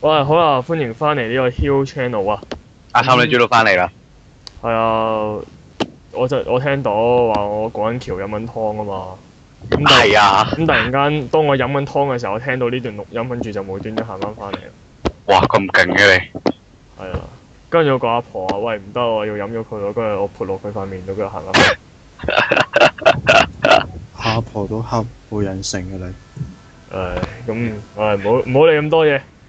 喂，好啊，歡迎翻嚟呢個 Hero Channel 啊！阿 Sam 你做到翻嚟啦？係啊，我就我聽到話我過緊橋飲緊湯啊嘛，咁係啊，咁突然間當我飲緊湯嘅時候，我聽到呢段錄音跟住就冇端端行翻翻嚟。哇，咁勁嘅你！係啊，跟住我個阿婆啊，喂，唔得我要飲咗佢咯，跟住我潑落佢塊面度，跟住佢行翻。阿婆都刻骨韌性嘅你。誒，咁誒，唔好唔好理咁多嘢。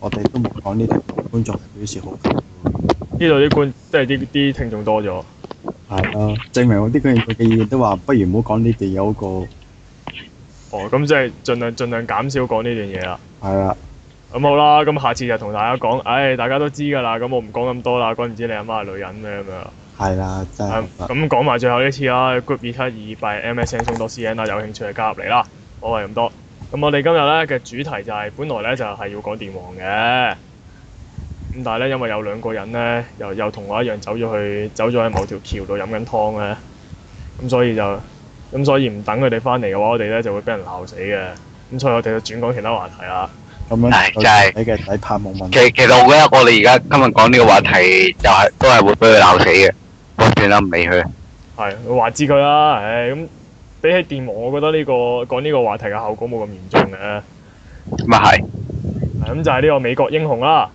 我哋都唔講呢啲工作，表示好緊呢度啲官，即係啲啲聽眾多咗。係啊，證明我啲佢嘅意議都話，不如唔好講呢哋有一個。哦，咁即係盡量盡量減少講呢段嘢啦。係啦的。咁好啦，咁下次就同大家講，唉、哎，大家都知㗎啦，咁我唔講咁多啦。講唔知你阿媽係女人嘅咁樣。係啦，真係、啊。咁講埋最後一次啦，Group e i g h 二八 M S N 送、嗯、到 C N 啊，有興趣就加入嚟啦。我話咁多。咁我哋今日咧嘅主題就係，本來咧就係要講電王嘅，咁但係咧因為有兩個人咧，又又同我一樣走咗去，走咗喺某條橋度飲緊湯咧，咁所以就，咁所以唔等佢哋翻嚟嘅話，我哋咧就會俾人鬧死嘅，咁所以我哋就轉講其他話題啦。咁樣係就係你嘅底牌冇問題。就是、其實其實我覺得我哋而家今日講呢個話題、就是，就係都係會俾佢鬧死嘅。我決定唔理佢。係，我話知佢啦，唉咁。比起電幕，我覺得呢、這個講呢個話題嘅效果冇咁嚴重嘅、啊。咪啊係，咁就係呢個美國英雄啦。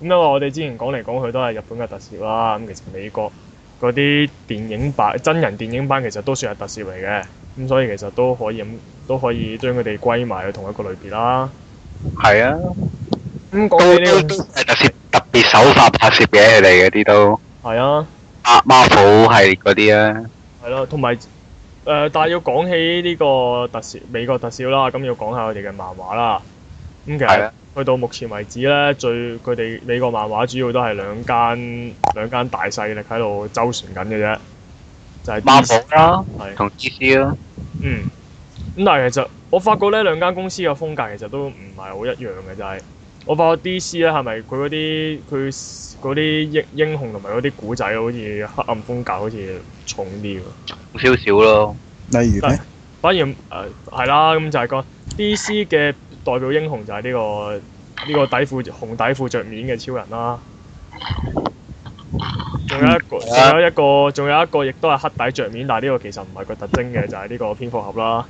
咁因為我哋之前講嚟講去都係日本嘅特攝啦。咁其實美國嗰啲電影版、真人電影版其實都算係特攝嚟嘅。咁所以其實都可以咁，都可以將佢哋歸埋去同一個類別啦。係啊。咁講起呢個特攝，特別手法拍攝嘅嚟嘅啲都。係啊。阿 Marvel 係嗰啲啊。係咯，同埋。誒、呃，但係要講起呢個特攝美國特攝啦，咁要講下我哋嘅漫畫啦。咁、嗯、其實去到目前為止呢，最佢哋美國漫畫主要都係兩間兩間大勢力喺度周旋緊嘅啫，就係 Marvel 啦，係是同 DC 啦、嗯。嗯，咁但係其實我發覺呢兩間公司嘅風格其實都唔係好一樣嘅，就係、是。我發覺 DC 咧，係咪佢嗰啲佢嗰啲英英雄同埋嗰啲古仔好似黑暗風格好似重啲喎，少少咯。例如反而誒係、呃、啦，咁就係講 DC 嘅代表英雄就係呢、呢個呢、呢個底褲紅底褲着面嘅超人啦。仲有一個，仲有一個，仲有一個，亦都係黑底着面，但係呢個其實唔係個特徵嘅，就係、係、呢個蝙蝠俠啦，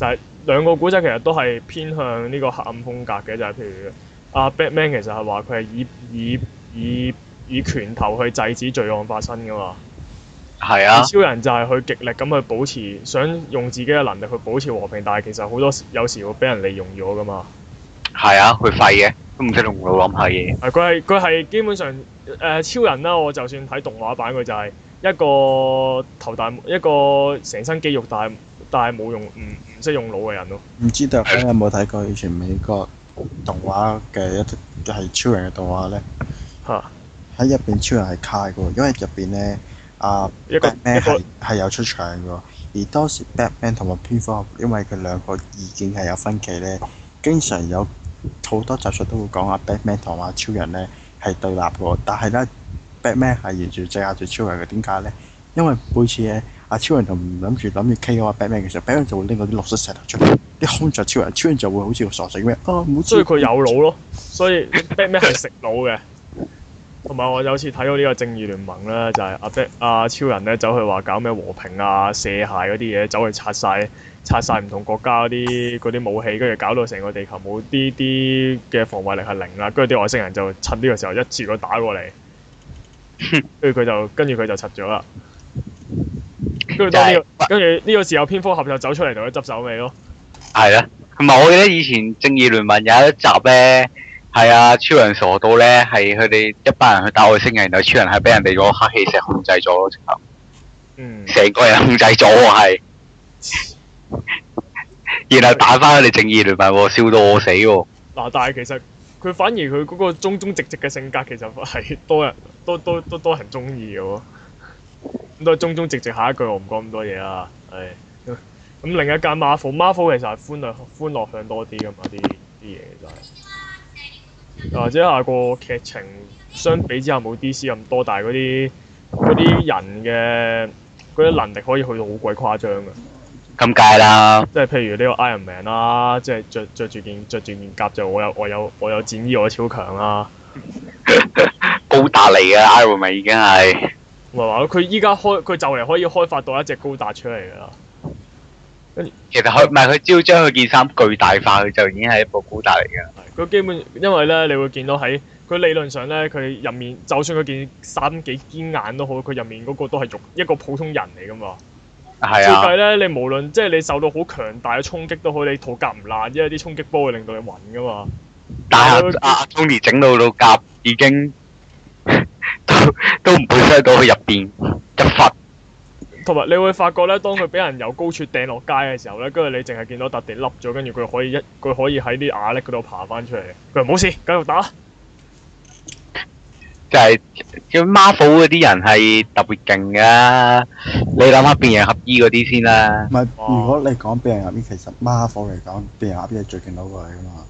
就係、係。兩個古仔其實都係偏向呢個黑暗風格嘅，就係、是、譬如阿、啊、Batman 其實係話佢係以以以，以拳頭去制止罪案發生噶嘛。係啊。超人就係去極力咁去保持想用自己嘅能力去保持和平，但係其實好多時有時會俾人利用咗噶嘛。係啊，佢廢嘅，都唔識用腦諗下嘢。佢係佢係基本上誒、呃、超人啦。我就算睇動畫版佢就係一個頭大，一個成身肌肉大，但係但係冇用嗯。唔識用腦嘅人咯。唔知道你有冇睇過以前美國動畫嘅一係超人嘅動畫呢？嚇哈！喺入邊超人係卡嘅喎，因為入邊呢，啊 Batman 係係有出場嘅喎。而當時 Batman 同埋 p 蝠，因為佢兩個意見係有分歧呢，經常有好多集數都會講阿 Batman 同埋超人呢係對立喎。但係呢 Batman 係完全制壓住超人嘅，點解呢？因為每次咧。阿超人就唔諗住諗住 K 啊，Batman 嘅時候 Batman 就會拎嗰啲綠色石頭出嚟，啲控着超人，超人就會好似個傻仔咁樣啊！唔好所以佢有腦咯，所以 Batman 係食腦嘅。同埋我有次睇到呢個正義聯盟啦，就係阿阿超人咧走去話搞咩和平啊、射械嗰啲嘢，走去拆晒，拆晒唔同國家嗰啲啲武器，跟住搞到成個地球冇啲啲嘅防衞力係零啦，跟住啲外星人就趁呢個時候一次過打過嚟，跟住佢就跟住佢就拆咗啦。跟住呢個時候，蝙蝠俠就走出嚟同佢執手尾咯。係啊，同埋我記得以前正義聯盟有一集咧，係啊，超人傻到咧，係佢哋一班人去打外星人，然後超人係俾人哋個黑氣石控制咗，就嗯成個人控制咗，係 然後打翻佢哋正義聯盟，笑到我死喎。嗱、啊，但係其實佢反而佢嗰個忠忠直直嘅性格，其實係多人都都都多人中意嘅。咁都係中中直直，下一句我唔講咁多嘢啦。係咁， 另一間 Mar Marvel，Marvel 其實係歡樂歡樂向多啲噶嘛，啲啲嘢就係、是， 或者係個劇情相比之下冇 DC 咁多，但係嗰啲嗰啲人嘅嗰啲能力可以去到好鬼誇張噶。咁解啦，即係譬如呢個 Iron Man 啦，即係着着住件着住件甲就我有我有我有戰衣，我，我超強啦。 高達嚟嘅 Iron Man 已經係。佢依家，開佢就嚟可以開發到一隻高達出嚟噶啦。其實佢唔係，佢只要將佢件衫巨大化，佢就已經係一部高達嚟噶。佢基本因為咧，你會見到喺佢理論上咧，佢入面就算佢件衫幾堅硬都好，佢入面嗰個都係一個普通人嚟噶嘛。係啊。設計咧，你無論即係你受到好強大嘅衝擊，都可以你肚夾唔爛，因為啲衝擊波會令到你暈噶嘛。但係阿阿 Tony 整到個肚夾已經。 都唔會傷到去入邊入佛。同埋你會發覺咧，當佢俾人由高處掟落街嘅時候咧，跟住你淨係見到笪地凹咗，跟住佢可以一佢可以喺啲瓦礫嗰度爬翻出嚟。佢話冇事，繼續打。就係叫 Marvel 嗰啲人係特別勁噶。 你諗下變形俠醫嗰啲先啦。唔係、啊，如果你講變形俠醫，其實 Marvel 嚟講變形俠醫係最勁嗰個嚟噶嘛？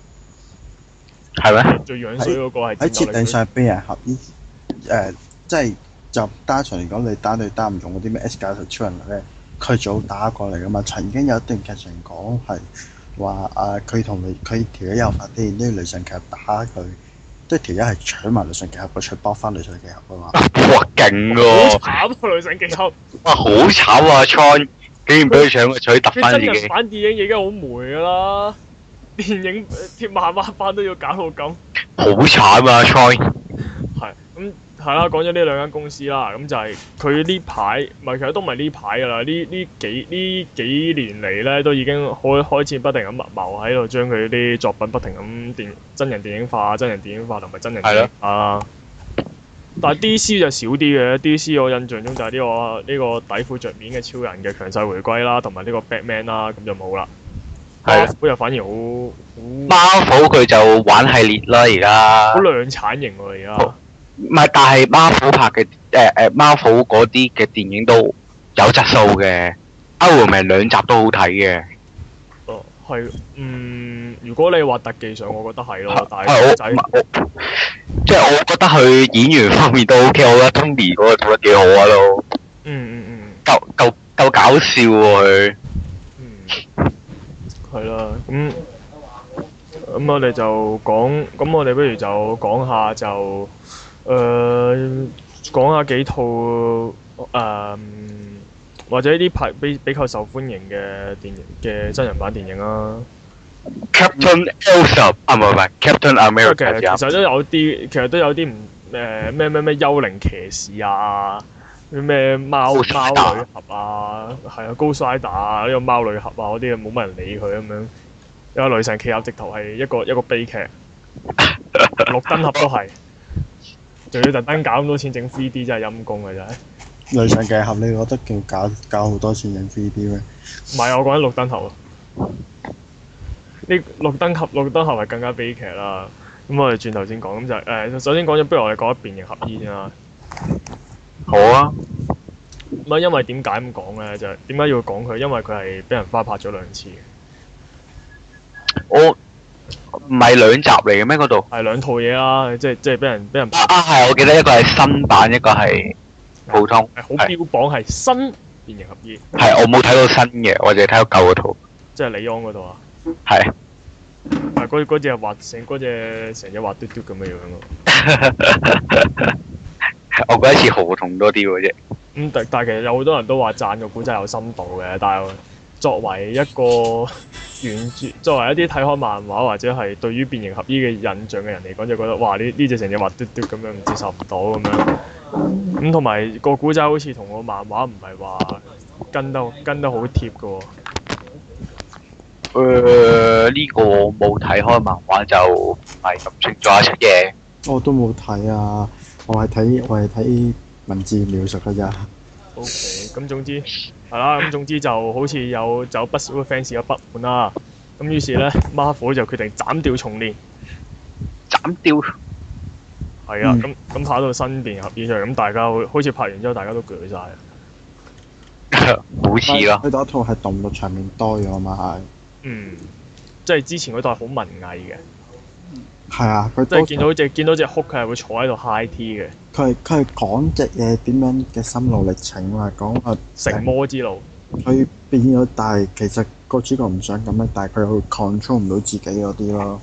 係咩嗎？最樣衰嗰個係喺設定上變形俠醫。 誒，uh, 即係就單純嚟講，你單對單唔用嗰啲咩 S 教授、超人能力咧，佢早打過嚟噶嘛。曾經有一段劇情講係話啊，佢同佢條友發現呢，雷神俠打佢，都條友係搶埋雷神俠個出，包翻雷神俠噶嘛。勁喎！好、哦、 慘啊，雷神俠！哇，好慘啊 Tron！竟然俾佢搶，再揼翻自己。真人版電影已經好霉㗎啦，電影貼馬馬翻都要搞到咁。好慘啊，Tron！係咁。係啦，講咗呢兩間公司啦，咁就係佢呢排，唔係其實都唔係呢排噶啦，呢呢幾呢幾年嚟咧，都已經開開始不停咁密謀喺度將佢啲作品不停咁電真人電影化、真人電影化同埋真人啊。的但係 DC 就少啲嘅 ，DC 我印象中就係呢、這個呢、這個底褲着面嘅超人嘅強勢回歸啦，同埋呢個 Batman 啦，咁的就冇啦。係啊，咁又反而好。包虎佢就玩系列啦，而家。好量產型喎、啊，而家。 唔係，但係 Marvel 拍嘅，誒誒 Marvel 嗰啲嘅電影都有質素嘅，歐唔明兩集都好睇嘅。哦，係，嗯，如果你話特技上，我覺得係咯，啊、但係、啊、即係我覺得佢演員方面都 ok，我諗 Tony 嗰個做得幾好啊都。嗯嗯嗯。夠夠夠搞笑喎佢。嗯。係啦，咁咁、嗯嗯、我哋就講，咁我哋不如就講下就。誒、呃、講下幾套誒、呃，或者呢啲排比比較受歡迎嘅電影嘅真人版電影啦，Captain Elsa 啊，唔係唔係，Captain America 其實都有啲，其實都有啲唔誒咩咩咩幽靈騎士啊，咩、呃、貓貓女俠啊，係啊 Ghost Rider 啊，呢、這個貓女俠啊嗰啲冇乜人理佢咁樣。有個女神騎俠直頭係一個一個悲劇，綠燈俠都係。 仲要特登搞咁多錢整 3D 真係陰功嘅真係。雷神結合，你覺得勁搞搞好多錢整 3D 咩？唔係我講緊綠燈頭。呢綠燈俠綠燈俠咪更加悲劇啦。咁我哋轉頭先講咁就誒、欸、首先講咗，不如我哋講一變形俠醫先啦。好啊。咁啊因為點解咁講咧？就係點解要講佢？因為佢係俾人翻拍咗兩次嘅。我。唔係兩集嚟嘅咩？嗰度係兩套嘢啦、啊，即係即係俾人俾人。啊啊，係，我記得一個係新版，一個係普通。係是是好標榜係是新《變形俠醫》。係我冇睇到新嘅，我淨係睇到舊嘅套。即係李安嗰套啊？係是。係嗰嗰隻成，嗰隻成隻滑嘟嘟咁嘅樣 我覺得似河童多啲嘅啫。咁、嗯、但但其實有好多人都話讚個古仔有深度嘅，但係作為一個。 原著作為一啲睇開漫畫或者係對於變形俠醫嘅印象嘅人嚟講，就覺得嘩，呢呢隻成隻滑嘟嘟咁樣，唔接受唔到咁樣。咁同埋個古仔好似同個漫畫唔係話跟得跟得好貼㗎喎、哦。呢、uh, 個冇睇開漫畫就唔係咁清楚一出嘢。我都冇睇啊！我係睇我係睇文字描述㗎啫。OK，咁總之。係啦，咁總之就好似有就有不少嘅 fans 有不滿啦。咁於是咧，Marvel 就決定斬掉重練。斬掉？係啊，咁咁拍到身變合衣上，咁大家好似拍完之後大家都攰晒。好似啦。佢嗰套係動作場面多咗嘛係。嗯，即係之前嗰套係好文藝嘅。係啊，佢即係見到隻見到隻 Hulk，佢係會坐喺度 high tea 嘅。佢係佢係講隻嘢點樣嘅心路歷程啊，講啊，成魔之路。佢變咗，但係其實個主角唔想咁啊，但係佢又 control 唔到自己嗰啲咯。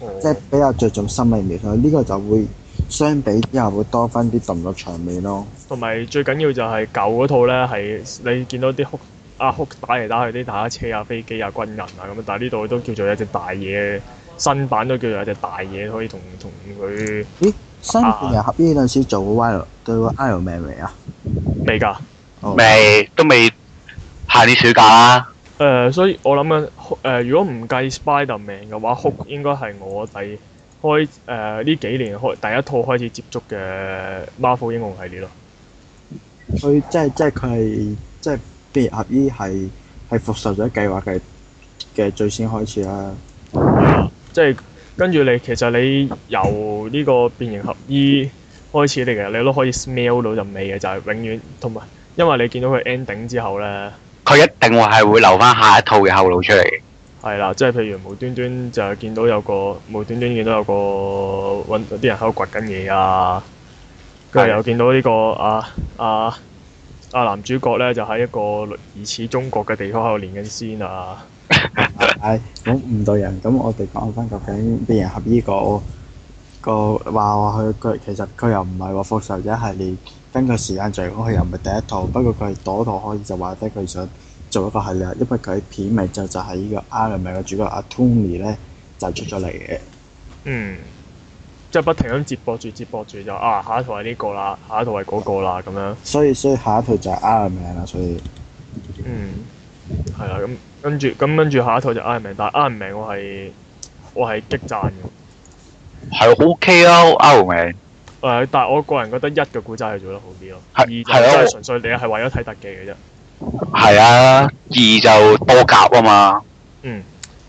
Oh. 即係比較着重心理描寫，呢、這個就會相比之後會多翻啲動作場面咯。同埋最緊要就係舊嗰套咧，係你見到啲 Hulk 啊 Hulk 打嚟打去啲坦克車啊、飛機啊、軍人啊咁啊，但係呢度都叫做一隻大嘢。新版都叫做一隻大嘢，可以同同佢。咦？新《變形俠醫》呢陣時做過 Iron，對過 Iron Man 未？oh, 啊？未㗎，未都未下啲暑假啦。誒，所以我諗緊誒，如果唔計 Spider Man 嘅話，Hulk，嗯、應該係我第開誒呢、呃、幾年開第一套開始接觸嘅 Marvel 英雄系列咯。佢即係即係佢係即係《變形俠醫》，係係復仇者計劃嘅嘅最先開始啦。嗯即係跟住你，其實你由呢個變形俠醫開始你其實，你都可以 smell 到入味嘅，就係、是、永遠同埋，因為你見到佢 ending 之後呢，佢一定係會，會留翻下一套嘅後路出嚟。係啦，即係譬如無端端就見到有個無端端見到有個揾啲人喺度掘緊嘢啊，跟住又見到呢、這個是的 啊啊啊男主角呢就喺一個類似中國嘅地方喺度練緊先啊。係咁唔到人咁，bin uk french 我哋講翻究竟《變人合呢個個話話佢佢其實佢又唔係話復仇者，系列，跟個時間嚟講，佢又唔係第一套。不過佢係多套開始就話得佢想做一個系列，因為佢片咪就就係呢個 R 名嘅主角阿 Tony 咧就出咗嚟嘅。嗯。即係不停咁接播住接播住就啊，下一套係呢個啦，下一套係嗰個啦咁樣。所以所以下一套就係 R 名啦，所以。嗯。係行啦，咁、mm.。跟住，咁跟住下一套就 Iron Man，但係 Iron Man，我係我係激讚嘅，係 O K 啦，Iron Man。誒，但係我個人覺得一嘅古仔係做得好啲咯，是二就即係純粹你係為咗睇特技嘅啫，係啊，二就多夾啊嘛。嗯，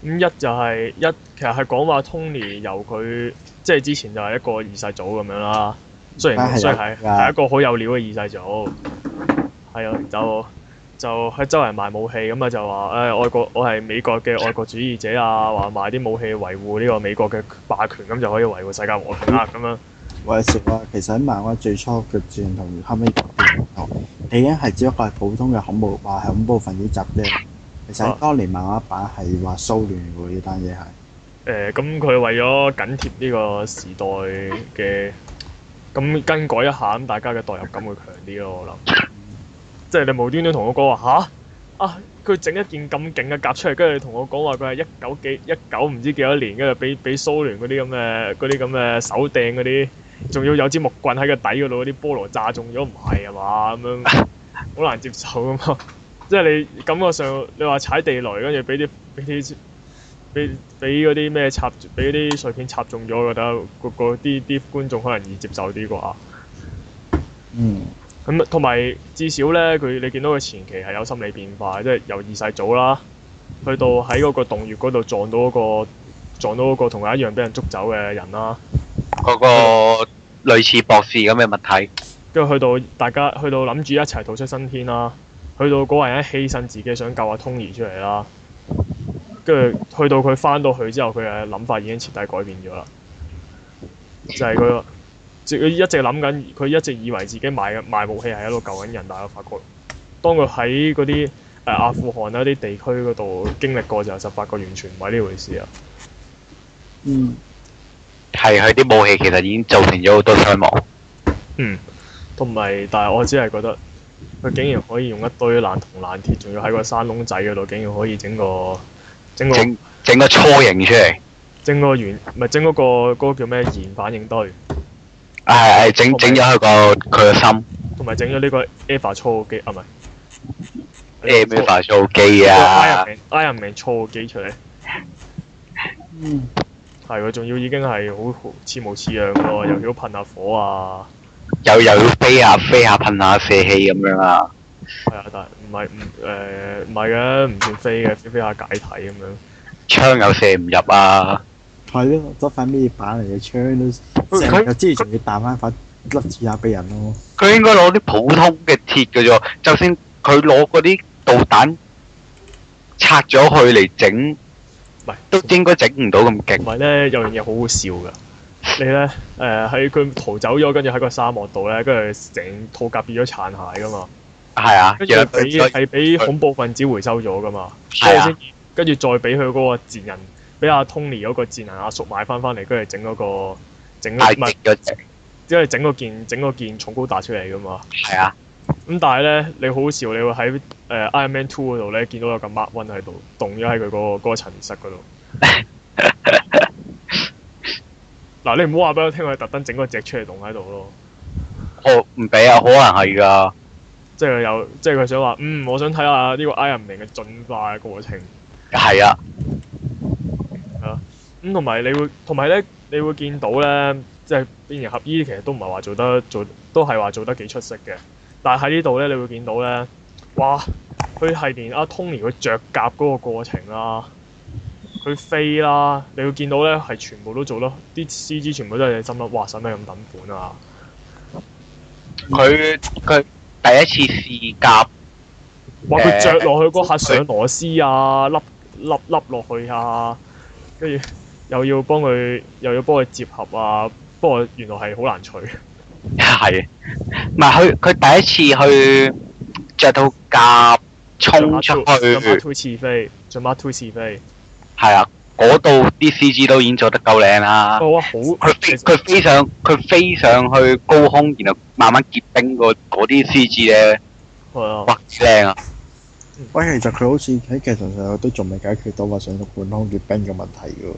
咁一就係、是、一，1, 其實係講話 Tony 由佢即係之前就係一個二世祖咁樣啦，雖然雖然係係一個好有料嘅二世祖，係啊，走。就喺周圍賣武器，咁啊就話誒外國，我係美國嘅愛國主義者啊，話賣啲武器維護呢個美國嘅霸權，咁就可以維護世界和平啦咁、啊、樣。我有小啊，其實喺漫畫最初嘅轉同後尾，已經係只不過係普通嘅恐怖，話恐怖分子集啫。其實當年漫畫版係話蘇聯會呢單嘢係。誒、啊，咁、呃、佢、嗯、為咗緊貼呢個時代嘅，咁、嗯、更改一下咁、嗯，大家嘅代入感會強啲咯，我諗。即係你無端端同我講話吓？啊！佢整一件咁勁嘅甲出嚟，跟住你同我講話佢係一九幾一九唔知幾多年，跟住俾俾蘇聯嗰啲咁嘅嗰啲咁嘅手掟嗰啲，仲要有支木棍喺個底嗰度嗰啲菠蘿炸中咗，唔係係嘛？咁樣，好難接受㗎嘛！即係你感覺上，你話踩地雷，跟住俾啲俾啲俾俾嗰啲咩插，俾啲碎片插中咗，我覺得個啲啲觀眾可能易接受啲啩。嗯。咁，同埋、嗯、至少咧，佢你見到佢前期係有心理變化，即係由二世祖啦，去到喺嗰個洞穴嗰度撞到嗰、那個撞到嗰同佢一樣俾人捉走嘅人啦，嗰個類似博士咁嘅物體，跟住、嗯、去到大家去到諗住一齊逃出新天啦，去到嗰個人一犧牲自己想救阿通 o 出嚟啦，跟住去到佢翻到去之後，佢嘅諗法已經徹底改變咗啦，就係、是、嗰 佢一直諗緊，佢一直以為自己賣嘅賣武器係喺度救緊人大法國，但係發覺當佢喺嗰啲誒阿富汗啊啲地區嗰度經歷過就係十八個，完全唔係呢回事啊！嗯，係佢啲武器其實已經造成咗好多傷亡。嗯，同埋，但係我只係覺得佢竟然可以用一堆爛銅爛鐵，仲要喺個山窿仔嗰度，竟然可以整個整個整，整個初型出嚟，整個圓，唔係整個、嗰個叫咩？燃反應堆。係係，整整咗個佢個心，同埋整咗呢個 Eva 初號機，啊唔係 Eva 初號機啊、哦、Iron Man 初號機出嚟。嗯， 係佢仲要已經係好似模似樣咯，又要噴下火啊，又又要飛啊，飛下噴下射氣咁樣啊。係啊，啊但唔係唔誒唔係嘅，唔、呃、算飛嘅，飛飛下、啊、解體咁樣。槍又射唔入啊！係咯，嗰塊咩板嚟嘅，槍都成日支持，仲要彈翻塊粒子下俾人咯、啊。佢應該攞啲普通嘅鐵㗎啫，就算佢攞嗰啲導彈拆咗佢嚟整，唔係都應該整唔到咁勁。唔係咧，有樣嘢好好笑㗎，你咧誒喺佢逃走咗，跟住喺個沙漠度咧，跟住成套甲變咗殘骸噶嘛。係啊，跟住俾俾恐怖分子回收咗噶嘛。係啊，跟住、啊、再俾佢嗰個賤人。俾阿、啊、Tony 嗰個智能阿、啊、叔買翻翻嚟，跟住整嗰個整唔係，因為整嗰件整嗰件重高達出嚟噶嘛。係啊，咁但係咧，你好少你會喺誒、呃、Iron Man Two 度咧見到有個 Mark One 喺度，凍咗喺佢嗰個嗰、那個陳列室嗰度。嗱， 你唔好話俾我聽，佢特登整嗰隻出嚟凍喺度咯。哦，唔俾啊，可能係噶。即係有，即係佢想話，嗯，我想睇下呢個 Iron Man 嘅進化嘅過程。係啊。咁同埋你會，同埋咧你會見到咧，即係變形合衣其實都唔係話做得做，都係話做得幾出色嘅。但喺呢度咧，你會見到咧，哇！佢係連阿 Tony 佢着甲嗰個過程啦，佢飛啦，你會見到咧係全部都做咯，啲 CG 全部都係嘢針啦。哇！使唔使咁等款啊？佢，佢第一次試甲，哇！佢着落去嗰下上螺絲啊，笠笠笠落去啊，跟住。又要幫佢，又要幫佢接合啊！不過原來係好難取，係啊，唔係？佢佢第一次去，着到甲衝出去，做乜推試飛？做乜推試飛？係啊，嗰度啲 C G 都已經做得夠靚啦。好，佢飛，佢飛上佢飛上去高空，然後慢慢結冰個嗰啲 C G 咧，哇靚啊！的喂，其實佢好似喺劇場上都仲未解決到話上到半空結冰嘅問題嘅。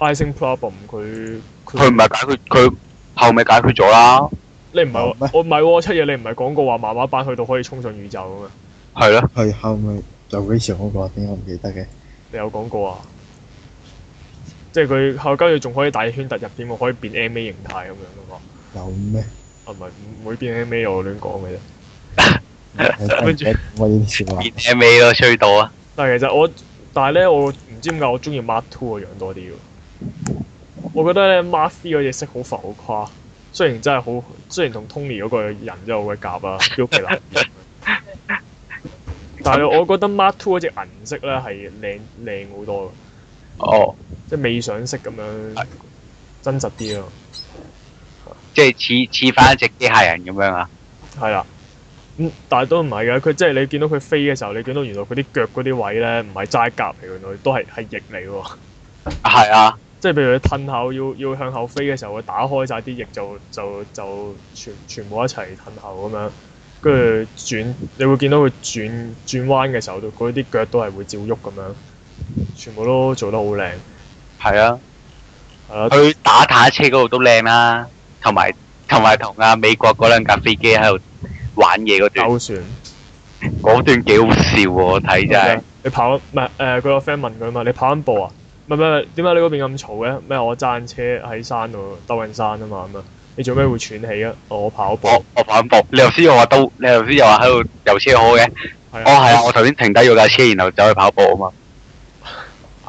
Icing problem，佢佢唔係解決佢後尾解決咗啦。你唔係嗎我唔係，哦、七嘢，你唔係講過話漫畫版去到可以衝上宇宙咁樣？係咯的，係後尾，就幾次講過，點解唔記得嘅。你有講過啊？即係佢後跟住仲可以大圈突入點，我可以變 MA 形態咁樣有嗎啊有咩？係咪？唔會變 MA，我亂講嘅啫。跟住我以前話變 MA 咯，吹到啊！但係其實我但係咧，我唔知我點解我中意 Mark Two 個樣多啲我覺得咧 Mark Three 嗰隻色好浮好誇，雖然真係好，雖然同 Tony 嗰個人真係好鬼夾啊，叫其難。但係我覺得 Mark Two 嗰隻銀色咧係靚靚好多哦，即係未上色咁樣，是真實啲咯。即係似似翻一隻機械人咁樣啊？係啦、啊，嗯，但係都唔係嘅，佢即係你見到佢飛嘅時候，你見到原來佢啲腳嗰啲位咧，唔係齋夾，原來都係係翼嚟嘅。係 啊。即係譬如佢騰後，要要向後飛嘅時候，佢打開晒啲翼就，就就就全全部一齊騰後咁樣，跟住轉，你會見到佢轉轉彎嘅時候，都啲腳都係會照喐咁樣，全部都做得好靚。係啊，係啊，佢打坦克車嗰度都靚啦、啊，同埋同埋同啊美國嗰兩架飛機喺度玩嘢嗰段，嗰船段幾好笑喎！我睇真係。你跑唔係誒？佢個 friend 問佢啊嘛，你跑緊步啊？唔係唔係，點解你嗰邊咁嘈嘅？咩我揸緊車喺山度，兜緊山啊嘛咁啊、嗯！你做咩會喘氣啊？我跑步，哦、我跑步。你頭先又話兜，你頭先又話喺度遊車河嘅。係、啊、哦係啊，我頭先停低咗架車，然後走去跑步啊嘛。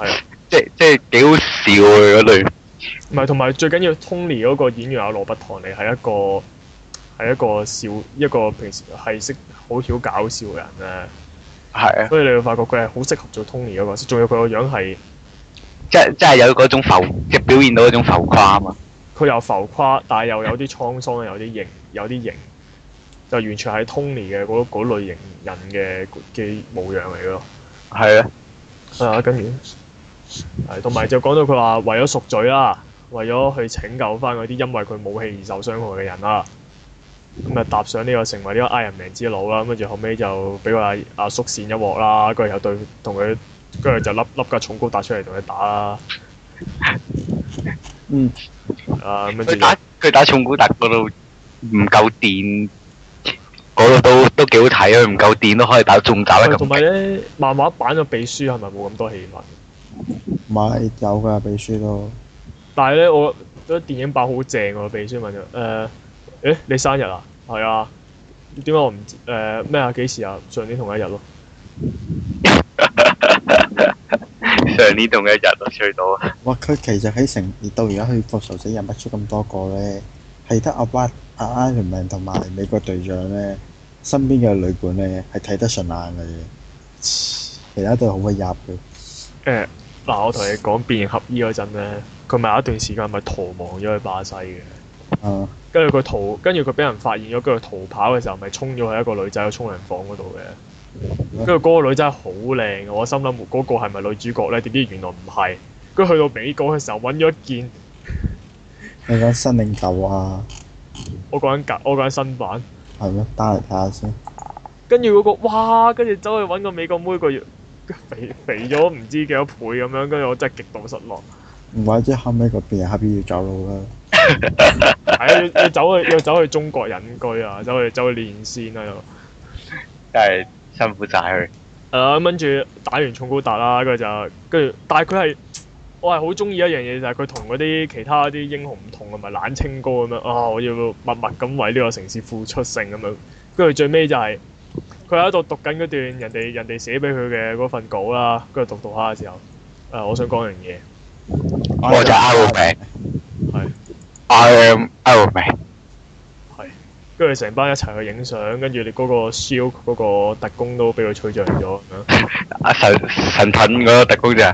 係。即即幾好笑嘅佢哋。唔係，同埋最緊要 Tony 嗰個演員阿羅拔唐尼係一個係一個笑，一個平時係識好少搞笑嘅人咧。係啊。所以你會發覺佢係好適合做 Tony 嗰、那個，仲有佢個樣係。即係即係有嗰種浮，即係表現到嗰種浮誇啊嘛！佢又浮誇，但係又有啲滄桑，有啲型，有啲型，就完全係 Tony 嘅嗰類型人嘅嘅模樣嚟咯。係咧的，係啊、哎，跟住係同埋就講到佢話為咗贖罪啦，為咗去拯救翻嗰啲因為佢武器而受傷害嘅人啦。咁啊、嗯，搭上呢、呢個成為呢個 Iron Man 之路啦，跟住後尾就俾個阿阿叔線一鑊啦，跟住又對同佢。跟住就笠笠架重高達打出嚟同佢打啦。嗯。啊，咁樣。佢打佢打重高達，打嗰度唔夠電，嗰度都都幾好睇啊！唔夠電都可以打重打啦。同埋咧，漫畫版嘅秘書係咪冇咁多戲文？唔係，有噶秘書咯。但係咧，我覺得電影版好正喎，秘書文就誒，誒、呃、你生日啊？係、呃、啊。點解我唔誒咩啊？幾時啊？上年同一日咯。 呢度嘅人都衰到多哇！佢其實喺成而到而家，去復仇者入唔出咁多個咧，係得阿巴阿 Iron Man 同埋美國隊長咧，身邊嘅女伴咧係睇得順眼嘅嘢，其他都係好鬼入嘅。誒，嗱，我同你講變形俠醫嗰陣咧，佢咪有一段時間咪逃亡咗去巴西嘅，嗯，跟住佢逃，跟住佢俾人發現咗，跟住逃跑嘅時候咪衝咗去一個女仔嘅沖涼房嗰度嘅。跟住嗰個女真係好靚，我心諗嗰個係咪女主角咧？點知原來唔係。跟住去到美國嘅時候，搵咗一件。你講新定舊啊？我講緊，我講新版。係咩？打嚟睇下先。跟住嗰個，哇！跟住走去搵個美國妹，個肥肥咗唔知幾多倍咁樣，跟住我真係極度失落。唔怪之，後尾個病人後屘要走佬啦。係啊要走去要走去中國隱居啊！走去走去練仙啊！又係。但辛苦晒佢。誒，uh, 跟住打完重高達啦，佢就跟住，但係佢係我係好中意一樣嘢，就係佢同嗰啲其他啲英雄唔同，同埋冷清高咁樣。啊，我要默默咁為呢個城市付出成咁樣。跟住最尾就係佢喺度讀緊嗰段人哋人哋寫俾佢嘅嗰份稿啦，跟住讀到下嘅時候，誒、呃，我想講樣嘢，我就 Iron Man，係、啊、I am Iron Man。跟住成班一齊去影相，跟住你嗰個 Shield 嗰個特工都俾佢吹脹咗。阿 神神盾嗰個特工就唉、係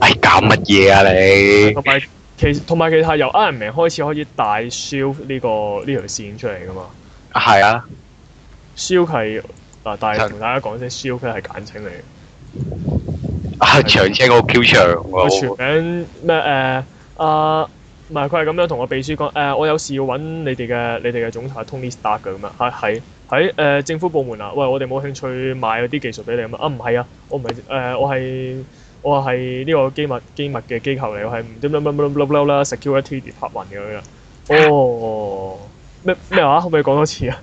哎，搞乜嘢啊你？同埋其同埋其係由 Ironman 開始開始帶 Shield 呢個呢條線出嚟噶嘛？係 啊。Shield 係嗱，但係同大家講聲，Shield 係簡稱嚟。神啊，長青好 q 長。個全名咩誒啊。呃呃呃唔係佢係咁樣同我秘書講，誒、呃、我有事要揾你哋嘅你哋嘅總裁 Tony Stark 嘅咁啊，喺喺誒政府部門啊，喂我哋冇興趣買嗰啲技術俾你咁樣啊，唔係啊，我唔係誒我係我係呢個機密機密嘅機構嚟，我係唔點點點點啦 security pattern 咁樣。哦，咩咩話？可唔可以講多次啊？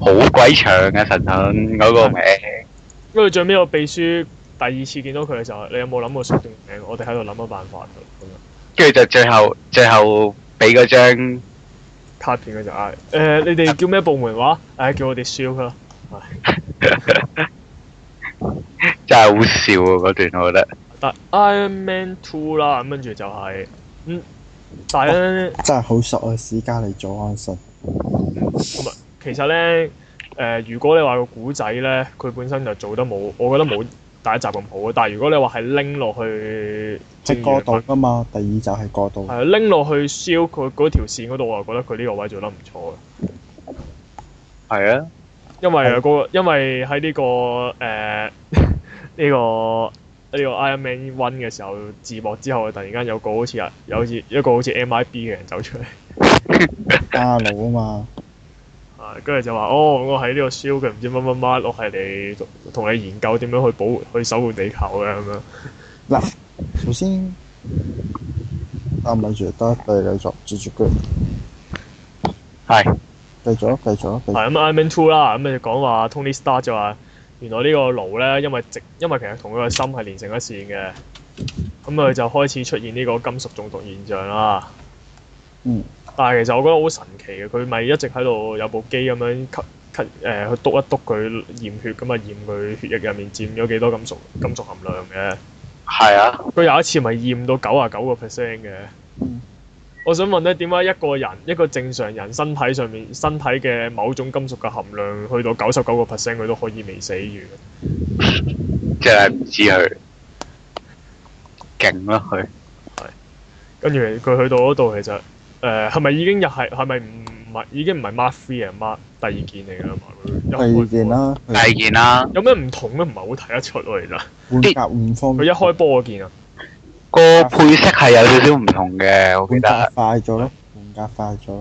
好鬼長嘅、啊、神神嗰、那個名。跟住最尾個秘書第二次見到佢嘅時候，你有冇諗過縮短名？我哋喺度諗個辦法嘅。跟住就最後，最後俾嗰張卡片、啊，佢就嗌：誒，你哋叫咩部門話、啊？誒、啊，叫我哋燒佢咯。真係好笑啊！嗰段我覺得。但 Iron Man Two 啦，咁跟住就係、是、嗯，但係、哦、真係好熟啊！史嘉莉早安信。唔係，其實咧，誒、呃，如果你話個古仔咧，佢本身就做得冇，我覺得冇。第一集咁好嘅。但係如果你話係拎落去即過渡嘅嘛，第二集係過渡，係拎落去 Shield 佢嗰條線嗰度，我覺得佢呢個位做得唔錯嘅。係啊，因為、嗰個是因為喺呢、呢個誒呢、呃 呢個呢、呢個 Iron Man One 嘅時候，字幕之後突然間有個好似啊，有似一個好似 MIB 嘅人走出嚟，加 佬啊嘛！跟住就話，哦，我喺呢個 Show 嘅唔知乜乜乜，我係你同你研究點樣去保護去守護地球嘅咁樣。嗱，首先阿米住得，繼續接住佢。係，繼續啊！繼續係咁，I'm into 啦，咁就講話 Tony Stark 就話，原來呢個爐咧，因為直因為其實同佢個心係連成一線嘅，咁佢就開始出現呢個金屬中毒現象啦。嗯。嗯。但係其實我覺得好神奇嘅，佢咪一直喺度有部機咁樣吸吸誒、呃、去督一督佢驗血，咁啊驗佢血液入面佔咗幾多金屬金屬含量嘅。係啊！佢有一次咪驗到九啊九個 percent 嘅。嗯、我想問咧，點解一個人一個正常人身體上面身體嘅某種金屬嘅含量去到九十九個 percent，佢都可以未死完？即係唔知佢勁啦，佢係跟住佢去到嗰度其實。誒係咪已經又係係咪唔係已經唔係 Mark Three 啊 Mark 第二件嚟㗎啦，一開波啦、啊，第二件啦、啊。有咩唔同咧？唔係好睇得出咯、啊，而家換甲換方佢一開波嗰件啊，個配色係有少少唔同嘅。我得換甲快咗咯，換甲快咗。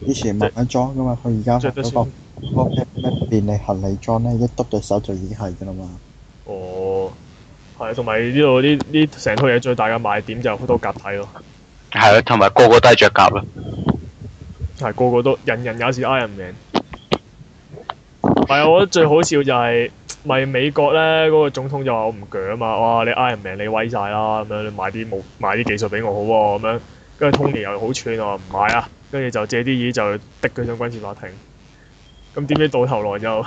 以前慢一裝㗎嘛，佢而家嗰個嗰咩咩便利行李裝咧，一篤隻手就已經係㗎啦嘛。哦，係同埋呢度呢呢成套嘢最大嘅賣點就好多甲體咯。係啊，同埋個個都係着甲啦。係個個都，人人有時 Iron Man。係啊，我覺得最好笑就係，咪美國咧嗰、那個總統就話我唔鋸啊嘛，哇！你 Iron Man 你威晒啦，咁樣你買啲冇買啲技術俾我好喎，咁樣。跟住 Tony 又好串，我話唔買啊，跟住就借啲嘢，就逼佢上軍事法庭。咁點解到頭來就？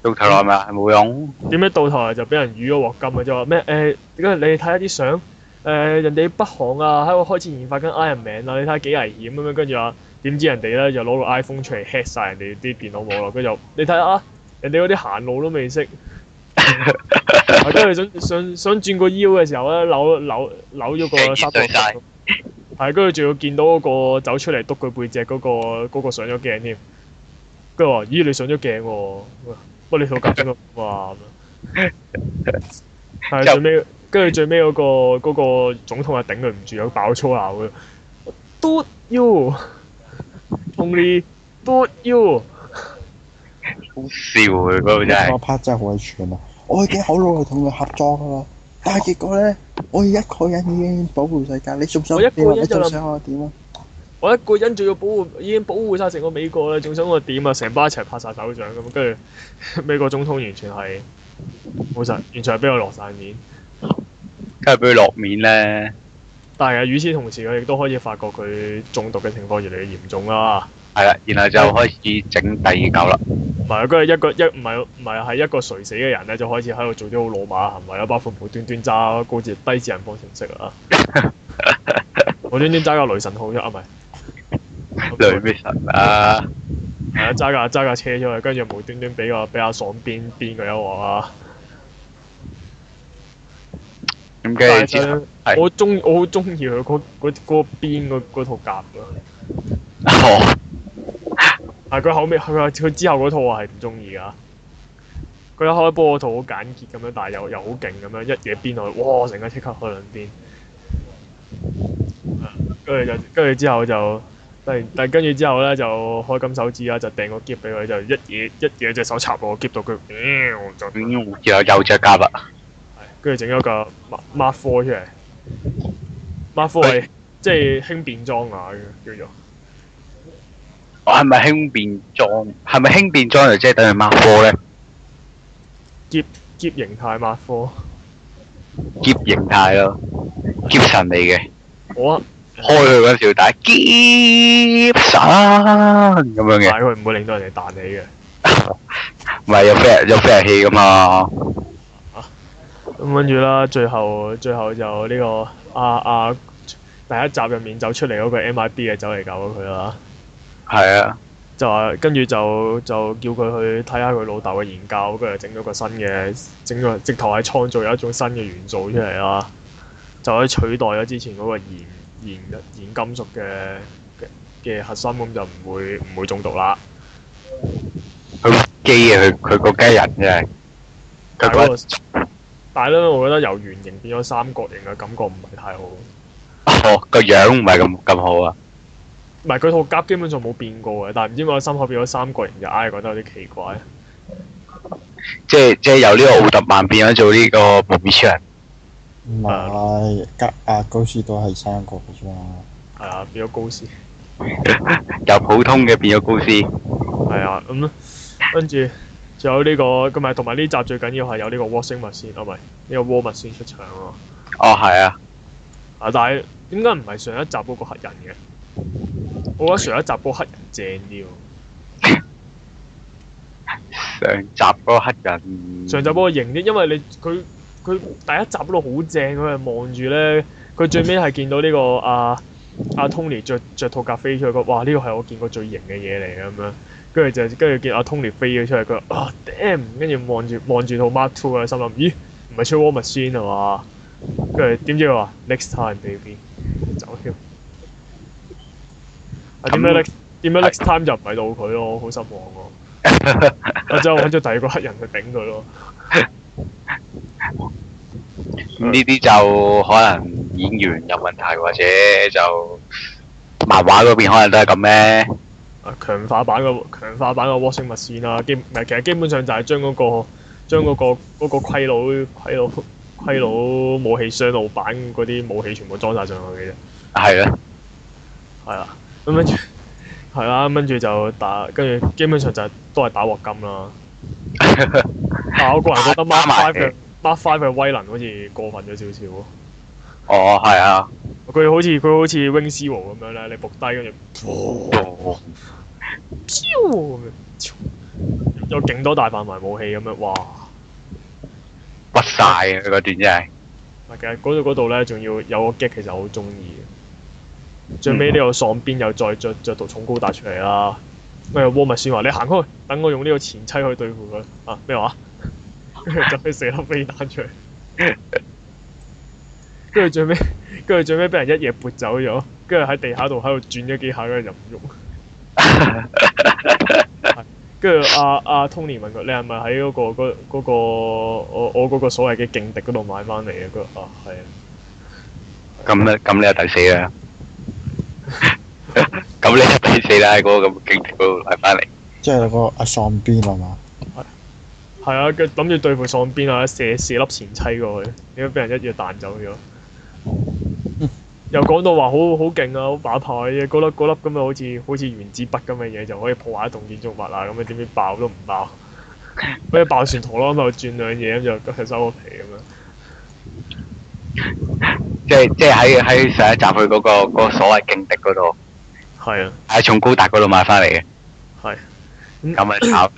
到頭來咪係冇用。點解到頭來就俾人魚咗鑊金啊？就話咩？誒，點、欸、解你睇下啲相？誒，人哋北航啊，喺度開始研發緊 Iron Man 啊，你睇下幾危險咁樣。跟住啊，點知人哋咧就攞個 iPhone 出嚟 hack 曬人哋啲電腦。網啦，跟住你睇下，那個那個、啊，人哋嗰啲行路都未識，係跟住想想想轉個腰嘅時候咧扭扭扭咗個膝頭帶，係跟住仲要見到嗰個走出嚟篤佢背脊嗰個嗰個上咗鏡添，跟住話咦你上咗鏡喎，不過你做緊邊個啊？咁啊，係最尾。跟住最尾嗰個嗰個總統啊，頂佢唔住，有爆粗鬧嘅。Do you only do you 好笑嘅嗰 個真係。part 真係好串啊！我已經好耐同佢合作啦，但係結果咧，我一個人已經保護世界。你仲想我一個人就？仲想我點啊？我一個人仲要保護已經保護晒成個美國啦，仲想我點啊？成班一齊拍晒手掌咁，跟住美國總統完全係冇神，完全係俾我落晒面。即係俾佢落面咧，但係與此同時佢亦都可以發覺佢中毒嘅情況越嚟越嚴重啦。係啦，然後就開始整第二狗啦。唔係，跟住一個一唔係唔係係一個垂死嘅人咧，就開始喺度做啲好老馬行為，包括無端端揸高字低字人方程式啊，無端端揸架雷神號出啊咪？雷咩神啊？係啊，揸架揸架車出去，跟住無端端俾個比較爽邊邊佢一鑊啊！是我中我好中意佢嗰嗰邊嗰套甲咯。哦。 係佢後尾，佢佢之後嗰套我係唔中意噶。佢一開波套好簡潔咁樣，但係又又好勁咁樣，一嘢邊落去，哇！成個即刻開兩邊。跟住就跟住之後就，但但跟住之後咧就開金手指啊，就掟個喼俾佢，就一嘢一嘢隻手插落喼到佢，喵、嗯！就又又隻甲啦。有有跟住整咗個 mark four 出嚟，mark four 係即係輕便裝啊，叫做。我係咪輕便裝？係咪輕便裝嚟即係等於 mark four 咧？劫劫形態 mark four，劫形態咯，劫神嚟嘅。我開佢嗰時打劫神咁樣嘅。打佢唔會令到人哋彈起嘅。唔係有飛人有飛人氣噶嘛？咁跟住啦，最後最後就呢個啊啊，第一集入面走出嚟嗰個 MIB 就走嚟搞咗佢啦。係啊，就話跟住就就叫佢去睇下佢老豆嘅研究，跟住整咗個新嘅，整個直頭係創造有一種新嘅元素出嚟啦，就可以取代咗之前嗰個鉛鉛鉛金屬嘅嘅核心，咁就唔會唔會中毒啦。佢機啊！佢佢個雞人嘅，係，佢、嗰個。係咯，但我覺得由圓形變咗三角形嘅感覺唔係太好。哦，個樣唔係咁咁好啊。唔係佢套甲基本上冇變過嘅，但係唔知點解心口變咗三角形就硬係覺得有啲奇怪。即係即係由呢個奧特曼變咗做呢、這個暴雪人。唔係甲阿高斯都係三角嘅啫嘛。係啊，變咗高斯。 由普通嘅變咗高斯。係啊，咁跟住。仲有呢個，咁咪同埋呢集最緊要係有呢個 Washing Machine，啊唔係呢個 War Machine 出場啊。哦，係啊。啊，但係點解唔係上一集嗰個黑人嘅？我覺得上一集嗰個黑人正啲喎。 上集嗰個黑人。上集嗰個型啲，因為你佢佢第一集嗰度好正，佢係望住咧，佢最尾係見到呢個阿阿 Tony 著着套咖啡出去，哇！呢個係我見過最型嘅嘢嚟啊咁樣。跟住就跟住見阿、啊、Tony 飛咗出嚟，佢話：啊、oh，damn！跟住望住望住套 Mark Two 啊，心諗：咦，唔係出 War Machine 係嘛？跟住點知佢話：Next time，baby，走 Q。點解呢？Next time 就唔係到佢咯？好失望喎！我真係揾咗第二個黑人去頂佢咯。呢啲 就可能演員有問題，或者就漫畫嗰邊可能都係咁咩？啊！強化版嘅強化版嘅 washing machine 啊，基唔係其實基本上就係將嗰、那個將嗰、那個嗰、那個盔佬盔佬盔佬武器箱老版嗰啲武器全部裝晒上去嘅啫。係啊的，係啊，咁跟住係啦，跟住就打，跟住基本上就係、是、都係打鑊金啦。 但我個人覺得 Mark Five 嘅 Mark Five 嘅威能好似過分咗少少。哦，係啊、oh, yeah.！佢好似佢好似 wing zero 咁樣咧，你撲低跟住，哇，咁樣、oh.，有勁多大範圍武器咁樣，哇，屈曬嘅嗰段真係。係嘅，嗰度嗰度咧，仲要有個 gag 其實好中意。Mm. 最尾呢個又喪邊又再着着到重高達出嚟啦，咩住蝸米先話你行開，等我用呢個前妻去對付佢啊咩話？跟住、啊、 就去射四粒飛彈出嚟。 跟住最尾，跟住最尾，俾人一夜撥走咗。跟住喺地下度喺度轉咗幾下，跟住就唔喐。跟住阿阿 Tony 問佢：你係咪喺嗰個嗰嗰個我我嗰個所謂嘅勁敵嗰度買翻嚟嘅？佢：哦，係啊。咁咧，咁你係第四啦。咁你係第四啦，喺嗰個勁敵嗰度買翻嚟。即係個阿喪鞭係嘛？係。係啊，跟諗住對付喪鞭啊，射射粒前妻過去，點解俾人一夜彈走咗。又講到話好好勁啊，好把牌嘅嗰粒嗰粒咁樣，好似好似原子筆咁嘅嘢，就可以破壞一棟建築物啊。咁啊，點知爆都唔爆，咩爆船陀啦，又轉兩嘢，咁就急收個皮咁樣。即係即係喺喺上一集去嗰個嗰個所謂勁敵嗰度，係啊，係從高達嗰度買翻嚟嘅，係咁咪炒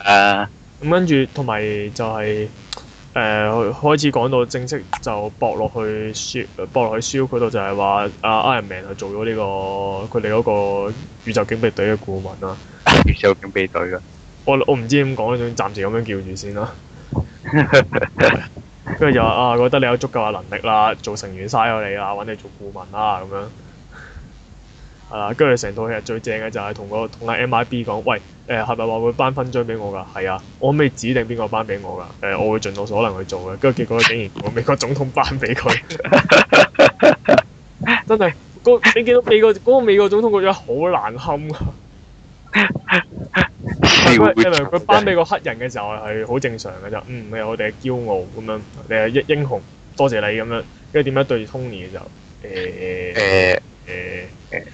咁跟住同埋就係。Uh, 嗯誒、呃、開始講到正式就駁落去 Shield，駁落去 Shield 嗰度就係話阿 Iron Man 係做咗呢、呢個佢哋嗰個宇宙警備隊嘅顧問啦。宇宙警備隊嘅，我我唔知點講啦，仲暫時咁樣叫住先啦。跟住就話啊，覺得你有足夠嘅能力啦，做成員嘥咗你啦，搵你做顧問啦咁樣。係啦、那個，跟住成套戲最正嘅就係同個同個 MIB 講，喂，誒係咪話會頒勳章俾我㗎？係啊，我未指定邊個頒俾我㗎，誒、呃，我會盡到所能去做嘅。跟住結果竟然美國總統頒俾佢， 真係，你見到俾、那個嗰美國總統個樣好難堪啊！笑，你佢頒俾個黑人嘅時候係好正常嘅就唔你係我哋嘅驕傲咁樣，你係英雄，多謝你咁樣。跟住點樣對 Tony 嘅時候，誒誒誒誒。欸欸欸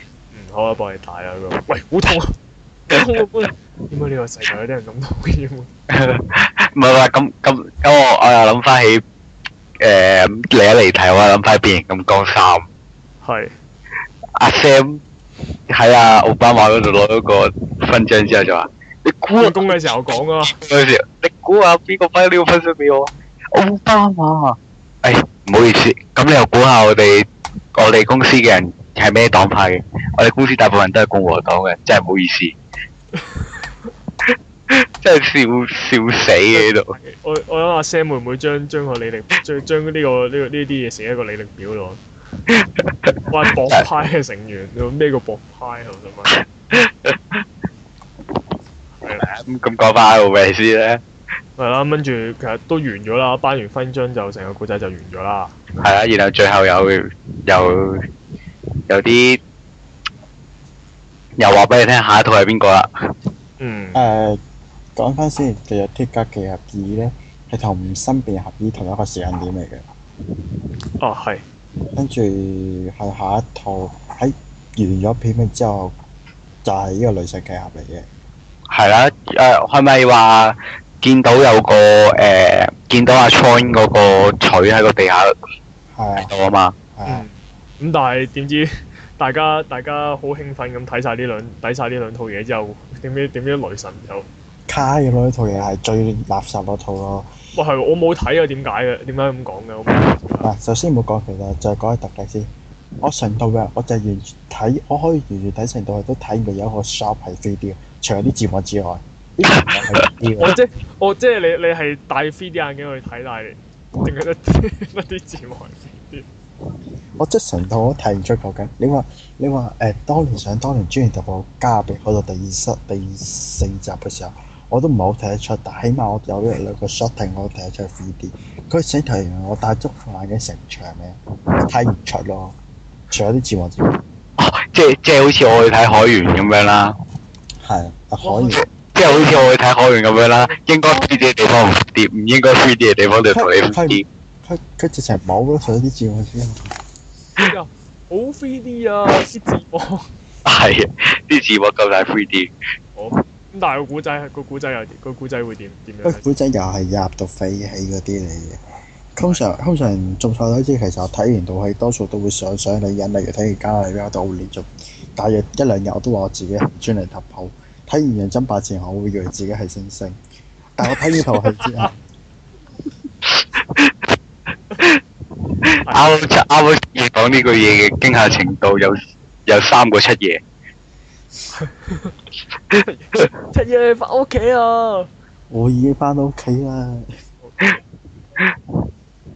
我幫佢打啊！喂，好痛啊！點解呢個世界有啲人咁痛嘅？唔係唔係，咁咁，我我又諗翻起，誒，你一嚟睇，我又諗翻起，邊人咁講衫？係。阿 Sam 喺阿奧巴馬嗰度攞咗個勳章之後就話：你估？開工嘅時候講啊！你估下邊個俾呢個勳章俾我？奧巴馬啊！誒，唔好意思，咁你又估下我哋我哋公司嘅人？係咩黨派嘅？我哋公司大部分都係共和黨嘅，真係唔好意思，真係笑笑死喺度。我我諗阿 Sam 會唔會將將個履歷，將將呢個呢呢啲嘢寫喺個履歷表度？我係黨派嘅成員，做咩叫博派？我想問。係啊，咁講翻阿韋斯咧，係啦，跟住其實都完咗啦，頒完勳章就成個古仔就完咗啦。係啊，然後最後有有。有啲又話俾你聽，下一套係邊個啦？嗯。誒、呃，講翻先，其實格呢《鐵甲奇俠二》咧係同《新變形俠醫》同一個時間點嚟嘅、啊。哦，係。跟住係下一套喺完咗片片之後，就係、是、呢個雷神奇俠嚟嘅。係啦、啊，誒、呃，係咪話見到有個誒、呃、見到阿 Thor 嗰個鎚喺個地下度啊嘛？嗯。咁但係點知大家大家好興奮咁睇晒呢兩、睇曬呢兩套嘢之後，點知點知雷神就卡咗咯？呢套嘢係最垃圾嗰套咯。喂、哦，係我冇睇啊？點解嘅？點解咁講嘅？我係，麼麼我首先唔好講其他，就講係特例先。我成套我就係完睇，我可以完全睇成套都睇唔到有個 shop 係 3D，除咗啲字幕之外。 我即係我即係你你係戴 three d 眼鏡去睇，但係淨係得一啲哇 字幕。我即係成套我睇唔出究竟，你話你話誒，當、欸、年想當年專業《侏羅紀世界》加俾嗰度第二室第二四集嘅時候，我都唔好睇得出，但起碼我有一兩個 shot 我睇得出 3D。佢想提醒我帶足眼鏡成場咩？睇唔出咯，除咗啲字幕字。即係即係好似我去睇海猿咁樣啦。係、啊，海猿。即係好似我去睇海猿咁樣啦，應該 3D 嘅地方唔掂，唔應該 3D 嘅地方就同、啊、你唔佢直情係冇咯，上啲字幕先。邊啊、嗯？好 three D 啊！啲字幕。係啊、 嗯，啲字幕咁大 three D。好、那個。咁但係個古仔，個古仔又個古仔會點點樣？個古仔又係入到飛起嗰啲嚟嘅。通、嗯、常通常做彩嗰啲，其實我睇完套戲，多數都會想上嚟引嚟睇。而家裡我係比較倒亂，就大約一兩日，我都話我自己專嚟突破。睇完《人間百劫》，我會以為自己係星星，但係我睇呢套戲之後。 啱出啱要講呢句嘢嘅驚嚇程度有有三個 七夜、七夜翻屋企啊！我已經翻到屋企啦，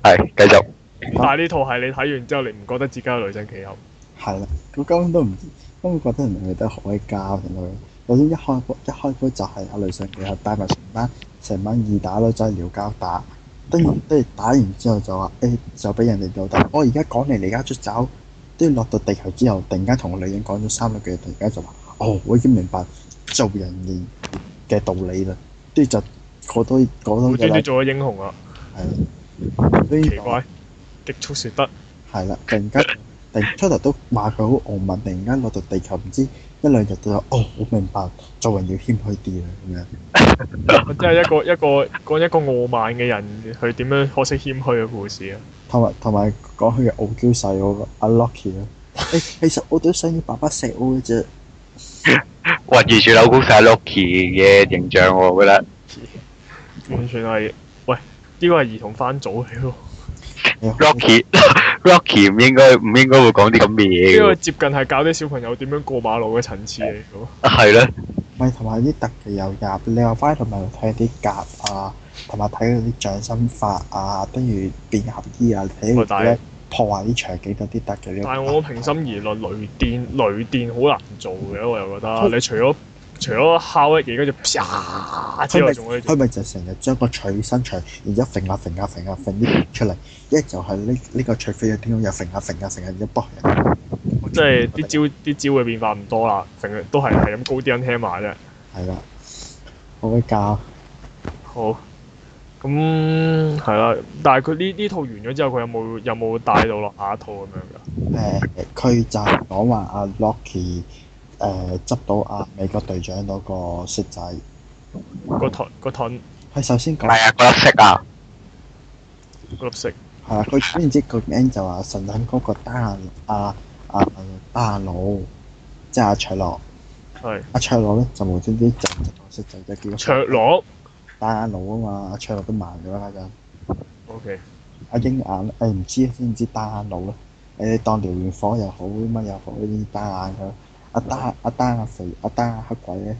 係 繼 續。但係呢套係你睇完之後，你唔覺得自家女聲企喉？係啦，咁根本都唔根本覺得人哋都學威膠，同佢首先一開一開篇就係阿女聲，然後帶埋成班成晚二打女仔撩交打。跟住，跟住打完之後就話：誒、欸，就俾人哋打得。我而家趕嚟離家出走，跟住落到地球之後，突然間同個女人講咗三個句，突然間就話：哦，我已經明白做人嘅道理啦。跟住就好多講多嘅啦。都做咗英雄啦，啊。係的。奇怪。極速説得。係啦，突然間。第初頭都話佢好傲慢，突然間落到地球，唔知一兩日都有。哦，我明白做人要謙虛啲啦，咁樣。我真係一個一個講一個傲慢嘅人，佢點樣學識謙虛嘅故事啊？同埋同埋講佢嘅傲嬌細佬阿 Lucky 咯。其實我都想要爸爸錫我嘅啫。完全扭曬細佬 Lucky 嘅形象，我覺得。完全係喂？呢個係兒童番組喎。Lucky。Rocky 唔應該唔應該會講啲咁嘅嘢，因為接近係教啲小朋友點樣過馬路嘅層次嚟嘅。係咧，咪同埋啲特技又夾，你話翻同埋睇下啲夾啊，同埋睇嗰啲掌心法啊，跟住變合衣但 啊，睇佢破壞啲場景嗰啲特，特，特技。但係我平心而論，啊，雷電雷電好難做嘅，我又覺得，你除咗。 除咗敲一嘢，跟住啪之後佢咪就成日將個錘伸長，然之後揈下揈下揈下揈啲出嚟，一就係呢呢個錘飛嘅天空又揈下揈下揈入一波。即係啲招啲招嘅變化唔多啦，成日都係係咁高啲人聽埋啫。係啦，我教。好，咁係啦，但係佢呢呢套完咗之後，佢有冇有冇帶到落下一套咁樣㗎？誒，佢就講話阿 Locky。誒執到啊！美國隊長嗰個色仔，個盾、哎，個盾。佢首先講，係啊，嗰粒色啊，嗰粒色。係啊，佢唔知個名就話神盾嗰個單啊啊單眼佬，即係阿卓樂。係是。阿、啊、卓樂咧就無端端就執到色仔，就叫卓樂。單眼佬啊卓嘛，阿、啊、卓樂都盲咗一陣。O K。阿 Okay.、啊、鷹眼誒唔知知唔知單眼佬咧？誒、嗯、當聊完火又好，乜又好，單眼嘅。阿丹阿丹阿肥阿丹阿黑鬼咧，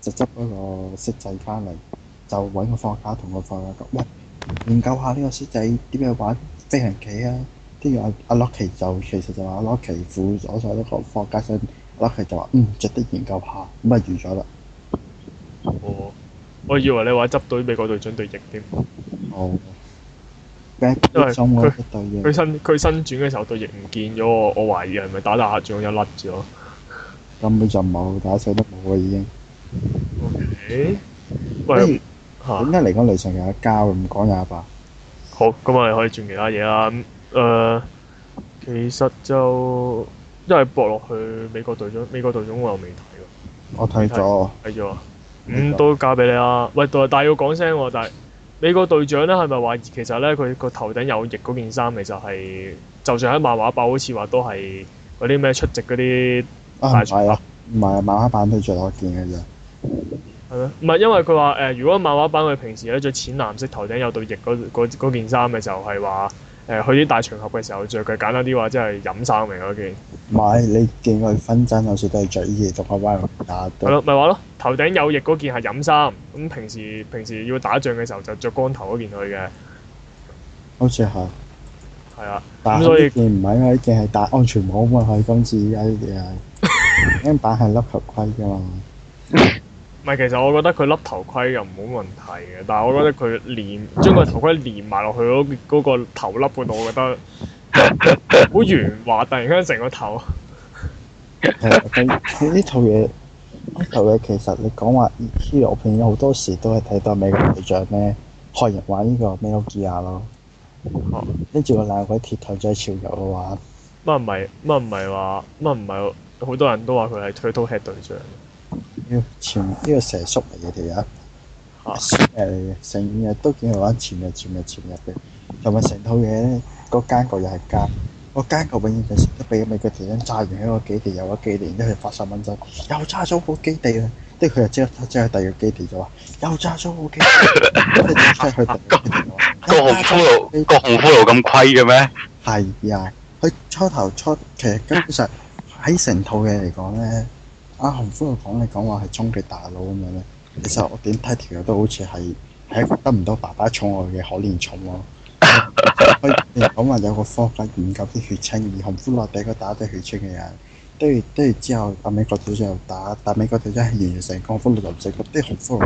就執嗰個骰仔翻嚟，就揾個科學家同個科學家講，咁，喂研究下呢個骰仔點樣玩飛行棋啊！跟住阿阿洛奇就其實就話：阿洛奇附我在嗰個科學家。上，阿洛奇就話：嗯，值得研究下，咁咪預咗啦。哦，oh, 我以為你話執到美國隊長對翼添。哦，oh。咩？因為佢佢伸佢伸轉嘅時候，對翼唔見咗喎，我懷疑係咪打打下轉咗甩咗。根本就冇，打死都冇啊！已經。O K。喂。嚇。點解嚟講？雷神有一交，唔講廿八。好，咁我哋可以轉其他嘢啦。咁誒，其實就因為駁落去美國隊長，美國隊長我又未睇喎。我睇咗。睇咗。咁都交俾你啦。喂，但但要講聲喎，但美國隊長咧係咪話其實咧佢個頭頂有翼嗰件衫，其實係就算喺漫畫版，好似話都係嗰啲咩出席嗰啲。啊，係啊，唔係漫畫版佢着多件嘅啫。係咯，唔係因為佢話誒，如果漫畫版佢平時咧着淺藍色頭頂有對翼嗰件衫嘅時候，係話誒去啲大場合嘅時候着佢簡單啲話即係飲衫嚟嗰件。唔係，你見佢分身有時都係着呢件，仲後屘打。係咪話咯，頭頂有翼嗰件係飲衫，咁平時平時要打仗嘅時候就着光頭嗰件去嘅。好似係。係啊的。咁但 所以。件唔係，因為件係戴安全帽咁嘛，佢、哦、今次而家呢件係。呢版係笠頭盔噶嘛？唔係，其實我覺得佢笠頭盔又唔冇問題嘅，但係我覺得佢連將個頭盔連埋落去嗰嗰個頭笠嗰度，我覺得好圓滑。突然間成個頭呢 套嘢，呢套嘢其實你講話 hero 片好多時都係睇到美國隊長咧，學人玩呢個 m e l o d 咯。跟住個爛鬼鐵頭仔潮流嘅話，乜唔係乜唔係話乜唔係？好多人都話佢係推刀 hit 對象，呢個前呢個蛇叔嚟嘅條友，嚇誒成日都見佢玩潛入、潛入、潛入嘅，同埋成套嘢咧，個奸角又係奸，個奸角永遠就係一俾個美國條友炸完喺個基地入，個基地然之後發十蚊執，又炸咗個基地啦，跟住佢又即刻即刻去第二個基地就話又炸咗個基地，即刻去第二個。個紅骷髏，個紅骷髏咁虧嘅咩？係啊，佢初頭出其實根本上。喺成套嘢嚟講咧，阿洪夫嚟講，你講話係終極大佬咁樣咧，其實我點睇條友都好似係係一個得唔到爸爸寵愛嘅可憐蟲咯。佢講 話有個科學研究啲血清，而洪夫落地佢打啲血清嘅人，啲啲之後，阿美國隊長又打，但美國隊長係完完全全洪夫落地唔識，啲洪夫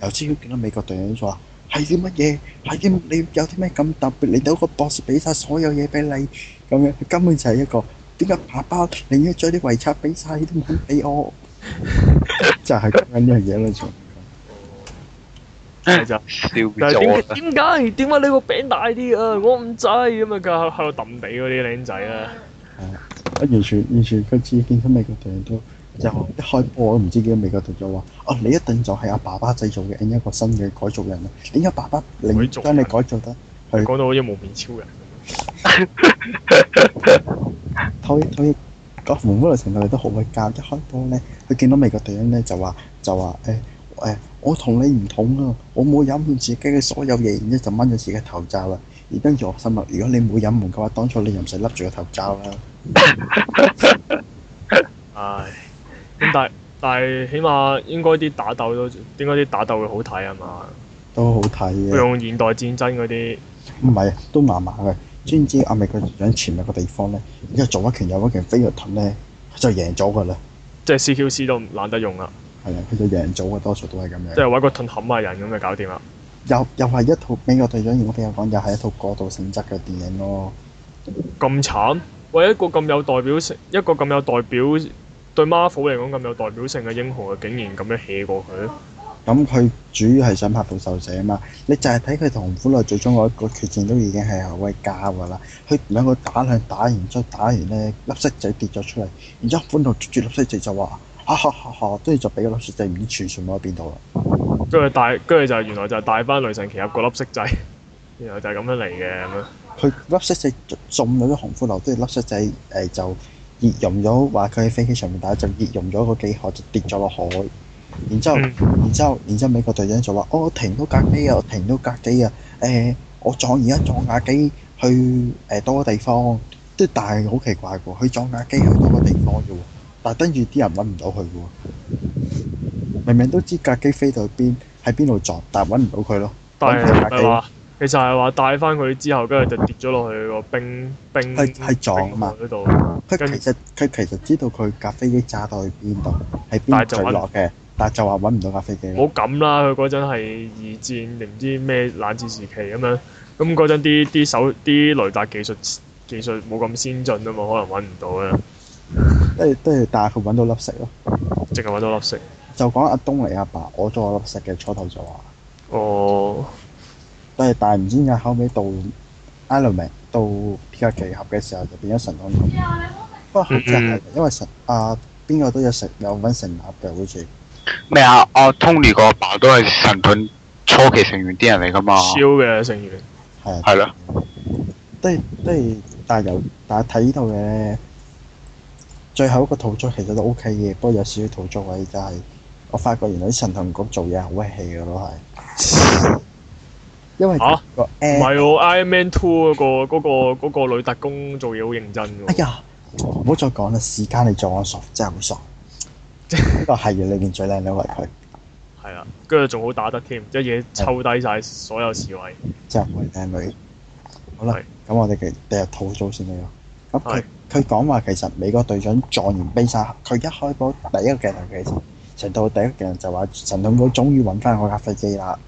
又先見到美國隊長話係啲乜嘢？係啲你有啲咩咁特別，你到個博士俾晒所有嘢俾你，咁樣佢根本就係一個。點解爸爸寧願將啲遺產俾晒都唔肯俾我？ 就係咁樣呢樣嘢咪仲？係就， 但係 點解？點解你個餅大啲啊？我唔制。咁啊！佢喺度揼地嗰啲靚仔咧，啊完全完全佢自己見到美國隊長都，就 一開播我都唔知幾多美國隊長話：啊，你一定就係阿爸爸製造嘅另一個新嘅改造人啊！點解爸爸改造將你改造得，講到好似無面超人。 偷一偷一，個《紅魔女》成套嘢都好鬼夾。一開波咧，佢見到美國隊長咧就話就話，誒、欸、誒、欸，我同你唔同啊！我冇隱瞞自己嘅所有嘢，然之就掹咗自己嘅頭罩啦。而跟住我心諗，如果你冇隱瞞嘅話，當初你又唔使笠住個頭罩啦。唉 哎，咁但係但係起碼應該啲打鬥都，應該啲打鬥會好睇啊？嘛，都好睇啊。用現代戰爭嗰啲，唔係都麻麻嘅。知唔知阿咪個隱潛入個地方咧，然之後做一拳又一拳飛越盾咧，就贏咗㗎啦。即係 C.Q.C 都懶得用啦。係啊，佢就贏咗㗎，多數都係咁樣。即係話一個盾冚下人咁就搞掂啦。又又係一套，美國隊長而我比較講，又係一套過度性質嘅電影咯。咁慘，喂，一個咁有代表性、一個咁有代表對 Marvel 嚟講咁有代表性嘅英雄，竟然咁樣 hea 過佢。咁佢主要係想拍部《復仇者》啊嘛，你就係睇佢同紅骷髏最終一個決戰都已經係後威加噶啦，佢兩個打兩打完之後，打完呢粒色仔跌咗出嚟，然之後紅骷髏捉住粒色仔就話：哈哈哈哈，跟、啊、住、啊啊、就俾粒色仔唔知傳傳喺邊度啦。跟住帶，跟住就，就原來就係帶翻雷神奇俠入個粒色仔，原來就係咁樣嚟嘅，佢粒色仔種啲紅骷髏跟住粒色仔，誒就熱融咗，話佢喺飛機上面打就熱融咗個機殼，就跌咗落海。然之後，然之後，然之後，美國隊長就話：哦，我停到架機啊，我停到架機啊！誒，我撞而家撞架機去誒多個地方，即係但係好奇怪喎，佢撞架機去多個地方啫喎，但係跟住啲人揾唔到佢喎。明明都知架機飛到去邊，喺邊度撞，但係揾唔到佢咯。帶係話，其實係話帶翻佢之後，跟住就跌咗落去個冰冰冰湖嗰度。佢其實佢其實知道佢架飛機炸到去邊度，喺邊墜落嘅。但就話揾唔到架飛機好冇咁啦，佢嗰陣係二戰定唔知咩冷戰時期咁樣，咁嗰陣啲啲手啲雷達技術技術冇咁先進啊嘛，可能揾唔到啊。都係都係，但係佢揾到粒石咯，即係揾到粒石。就講阿東尼阿爸，我攞咗粒石嘅初頭就話。哦。但係但係唔知點解後尾到 Element 到披甲奇俠嘅時候就變咗神光。不過好正嘅，因為神阿邊個都有石有揾成粒嘅好似。咩啊？我 Tony 個爸爸都係神盾初期成員啲人嚟噶嘛？燒嘅成員係係咯，都都而但係由但係睇呢度嘅最後一個動作其實都 OK 嘅，不過有少少動作位就係我發覺原來啲神盾局做嘢好 hea 嘅都係。 因為嚇唔係喎，Iron Man Two 嗰個嗰個嗰個女特工做嘢好認真喎。哎呀，唔好再講啦，時間你做我傻，真係好傻。呢個系列裏面最靚女係佢，係啦，跟住仲好打得添，一嘢抽低晒所有侍衛，即係唔係靚女。好啦，咁我哋其第日吐槽先啦。咁佢佢講話其實美國隊長撞完冰沙，佢一開波第一個鏡頭其實神盾第一鏡頭就話神盾局終於搵翻我架飛機啦，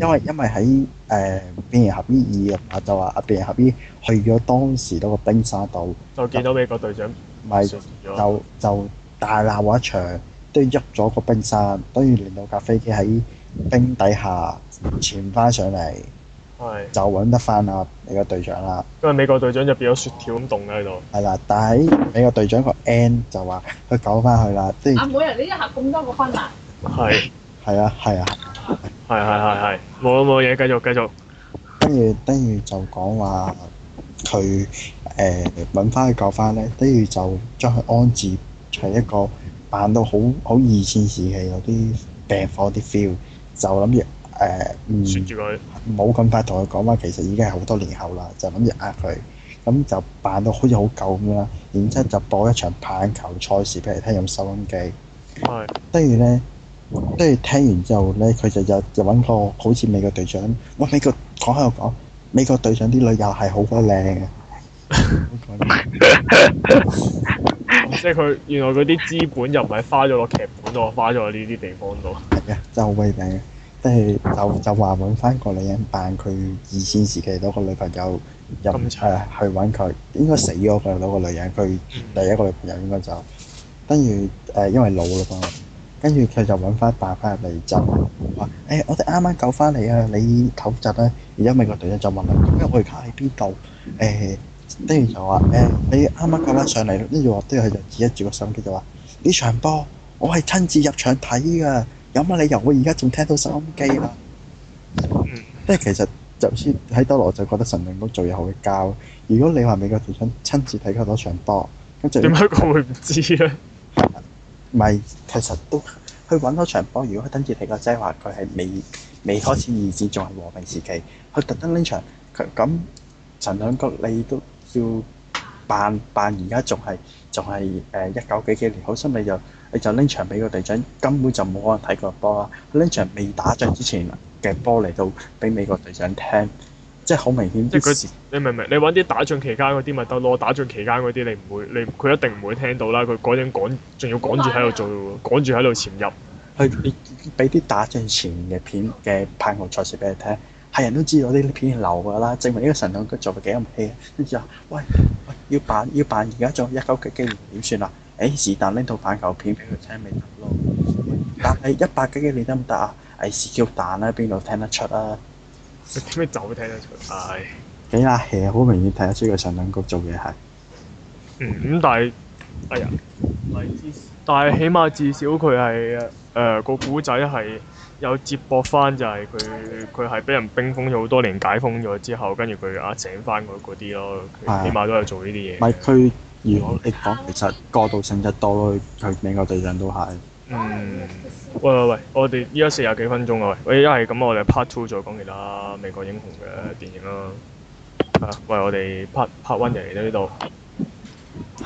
因為因為喺誒變形俠醫入就話阿變形俠醫去咗當時嗰個冰沙島，就見到美國隊長咪就就大鬧一場。都喐咗個冰山，等於令到架飛機喺冰底下潛翻上嚟，就揾得翻啦，美國隊長啦。因為美國隊長入面有雪條咁凍嘅喺度。係啦，但係美國隊長個 N 就話佢救翻佢啦，即係。啊！每人呢一刻咁多個分啊！係係啊係啊係係係係，冇啦冇嘢，繼續繼續。跟住跟住就講話佢誒揾翻去救翻咧，跟住就將佢安置喺一個。扮到好好二戰時期有啲病火啲 feel，就諗住誒唔，冇、呃、咁、嗯、 快同佢講話，其實已經係好多年後啦。就諗住呃佢，咁、嗯、就扮到好似好舊咁啦。然之後就播一場棒球賽事俾佢聽，用收音機。係。跟住咧，跟住聽完之後咧，佢就就就揾個好似美國隊長，哇！美國講喺度講，美國隊長啲女又係好鬼靚嘅。 即係佢原來嗰啲資本又唔係花咗落劇本度，花咗落呢啲地方度。係 啊，真係好鬼頂嘅。即 係就就話揾翻個女人扮佢二線時期嗰個女朋友入誒、啊、去揾佢，應該死咗嘅嗰個女人。佢第一個女朋友應該就跟住誒，因為老啦嘛，跟住佢就揾翻辦法嚟就話：誒、欸，我哋啱啱救翻你啊！你唞吓啦！而家美國隊長就問佢：咁、欸、樣我哋卡喺邊度？誒、欸跟住就話誒、欸，你啱啱講返上嚟，跟住話都要係就指一住個收音機就話：呢場波我係親自入場睇㗎，有乜理由我而家仲聽到收音機啦？即係、嗯、其實，就算喺多羅，就覺得神明哥做嘢好嘅教。如果你話美國隊長親自睇嗰多場波，跟住點解我會唔知咧？唔、啊、其實都去揾嗰場波。如果佢親自睇嗰陣話，佢係未未開始二戰，仲係、嗯、和平時期，佢特登拎場，佢咁神明局，你都～要扮扮而家仲係仲係誒一九幾幾年，好心你就你就拎場美國隊長，根本就冇可能睇個波啦。拎場未打仗之前嘅波嚟到俾美國隊長聽，即係好明顯。即係你明唔明？你搵啲打仗期間嗰啲咪得咯，打仗期間嗰啲你唔會，你佢一定唔會聽到啦。佢嗰陣趕仲要趕住喺度做喎，趕住喺度潛入。係你俾啲打仗前嘅片嘅棒球賽事俾你聽。係人都知道啲片流㗎啦，證明呢個神盾局做嘅幾咁戲。跟住話：喂喂，要扮要扮而家做一九幾幾年點算啊？誒是但拎套版舊片畀佢聽咪得咯。但係一百幾幾年得唔得啊？誒是叫彈啦，邊度聽得出啊？咩酒聽得、哎、出？係幾乸戲啊，好明顯睇得出個神盾局做嘢係。嗯，咁但係，係、哎、啊，但係起碼至少佢係誒個古仔係。呃有接駁翻就係佢，佢係俾人冰封咗好多年，解封咗之後，跟住佢啊醒翻嗰嗰啲咯，起碼都有做呢啲嘢。咪佢如你講，嗯、其實過度性得多咯，佢美國隊長都係。嗯，喂喂喂，我哋依家四十幾分鐘啊喂，喂，一係咁，我哋 part two 再講其他美國英雄嘅電影啦，啊。喂，我哋 part part one 嚟到呢度。